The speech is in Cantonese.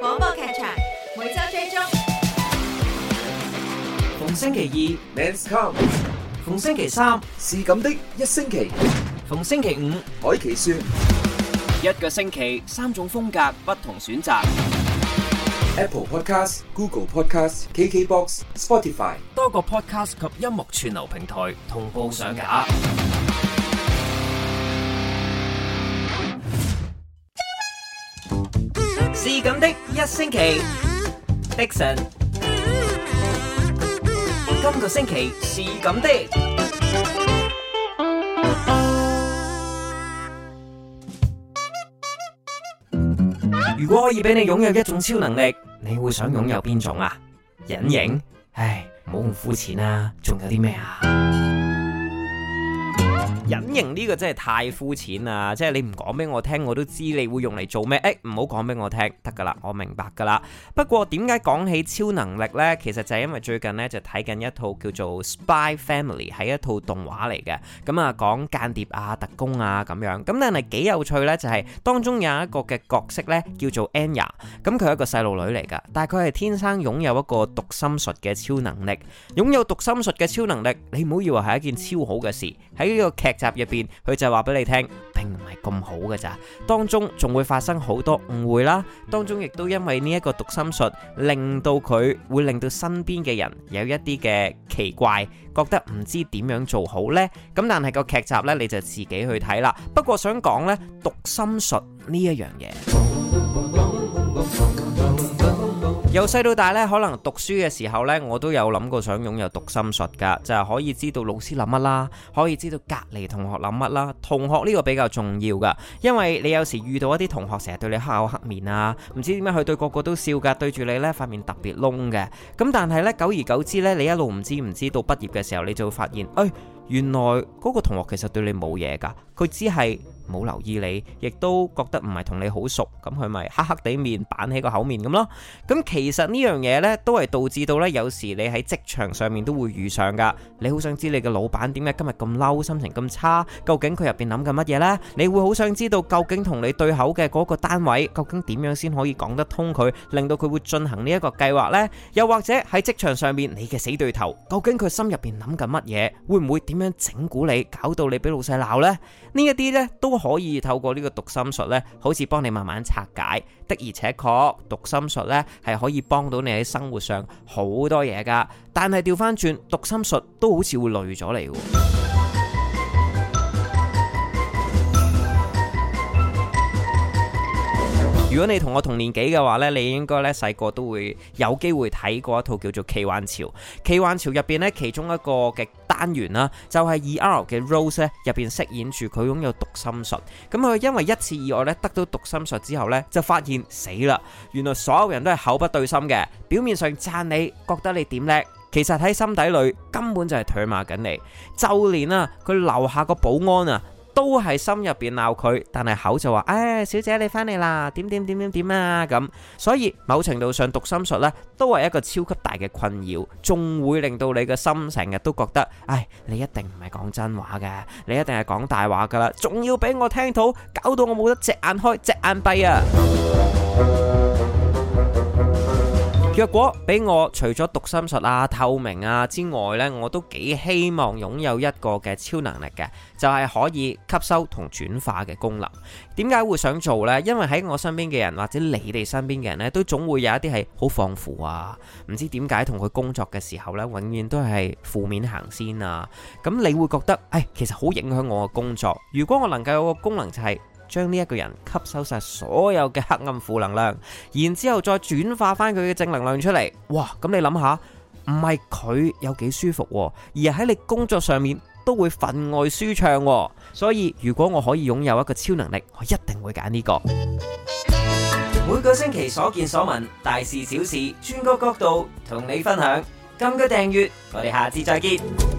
廣播劇場每周追蹤，逢星期二 Man Come，逢星期三是咁的一星期，逢星期五海奇說，一個星期三種風格不同選擇，Apple Podcast、Google Podcast、KKBox、Spotify 多個 podcast 及音樂串流平台同步上架。是咁的，一星期、嗯、Dixon，嗯、今個星期是咁的。如果可以俾你擁有一種超能力，你會想擁有邊種啊？隱形？唉，唔好咁膚淺啊，仲有啲咩啊？隱形呢個真係太膚淺啦，即係你唔講俾我聽，我都知你會用嚟做咩？誒，唔好講俾我聽得噶啦，我明白噶啦。不過點解講起超能力呢？其實就係因為最近呢，就睇緊一套叫做《Spy Family》，係一套動畫嚟嘅。咁啊，講間諜啊、特工啊咁樣。咁但係幾有趣呢，就係當中有一個嘅角色呢，叫做 Anya。咁佢係一個細路女嚟噶，但係佢係天生擁有一個讀心術嘅超能力。擁有讀心術嘅超能力，你唔好以為係一件超好嘅事。喺呢個劇集入邊佢就話俾你聽，並唔係咁好㗎咋，當中仲會發生好多誤會啦，當中亦都因為呢一個讀心術，令到佢會令到身邊嘅人有一啲嘅奇怪，覺得唔知點樣做好呢。咁但係個劇集呢，你就自己去睇啦。不過想講呢，讀心術呢一樣嘢。由細到大咧，可能讀書嘅時候咧，我都有諗過想擁有讀心術噶，就係可以知道老師諗乜啦，可以知道隔籬同學諗乜啦。同學呢個比較重要噶，因為你有時遇到一啲同學成日對你黑口黑面啊，唔知點解佢對個個都笑噶，對住你呢塊面特別窿嘅。咁但係咧，久而久之咧，你一路唔知唔知道，畢業嘅時候你就會發現，哎。原來嗰個同學其實對你冇嘢噶，佢只係冇留意你，亦都覺得唔係同你好熟，咁佢咪黑黑地面板起個口面咁咯。咁其實呢樣嘢呢，都係導致到呢。有時你喺職場上面都會遇上噶。你好想知你嘅老闆點解今日咁嬲，心情咁差，究竟佢入邊諗緊乜嘢呢？你會好想知道究竟同你對口嘅嗰個單位，究竟點樣先可以講得通佢，令到佢會進行呢一個計劃呢？又或者喺職場上面你嘅死對頭，究竟佢心入邊諗緊乜嘢？會唔會點？點樣整蠱你，搞到你俾老細鬧呢？呢一啲呢都可以透過呢個讀心術呢好似幫你慢慢拆解，的而且確，讀心術呢係可以幫到你喺生活上好多嘢噶。但係調翻轉，讀心術都好似會累咗你。 如果你同我同年紀嘅話呢，你應該呢細個都會有機會睇過一套叫做奇《奇幻潮》，《奇幻潮》入邊呢，其中一個劇。單元啦、ER，就係 E.R. 嘅 Rose 入邊飾演住佢擁有讀心術，咁佢因為一次意外咧，得到讀心術之後咧，就發現死啦。原來所有人都係口不對心嘅，表面上贊你，覺得你點叻，其實喺心底裏根本就係唾罵緊你。就連啊，佢樓下個保安啊。都係心入邊鬧佢，但係口就話：，唉，小姐你返嚟啦，點點點點點啊咁。所以某程度上讀心術呢，都係一個超級大嘅困擾，仲會令到你嘅心成日都覺得：，唉，你一定唔係講真話嘅，你一定係講大話噶啦，仲要俾我聽到，搞到我冇得隻眼開隻眼閉啊！若果俾我除咗讀心術啊、透明啊之外呢，我都幾希望擁有一個嘅超能力嘅，就係可以吸收同轉化嘅功能。點解會想做呢？因為喺我身邊嘅人或者你哋身邊嘅人呢，都總會有一啲係好放負啊，唔知點解同佢工作嘅時候呢，永遠都係負面行先啊。咁你會覺得，唉，其實好影響我嘅工作。如果我能夠有個功能，就係，將呢一個人吸收晒所有嘅黑暗負能量，然之後再轉化翻佢嘅正能量出嚟。哇！咁你諗下，唔係佢有幾舒服，而係喺你工作上面都會份外舒暢。所以如果我可以擁有一個超能力，我一定會揀呢個。每個星期所見所聞，大事小事，轉個角度同你分享。撳個訂閱，我哋下次再見。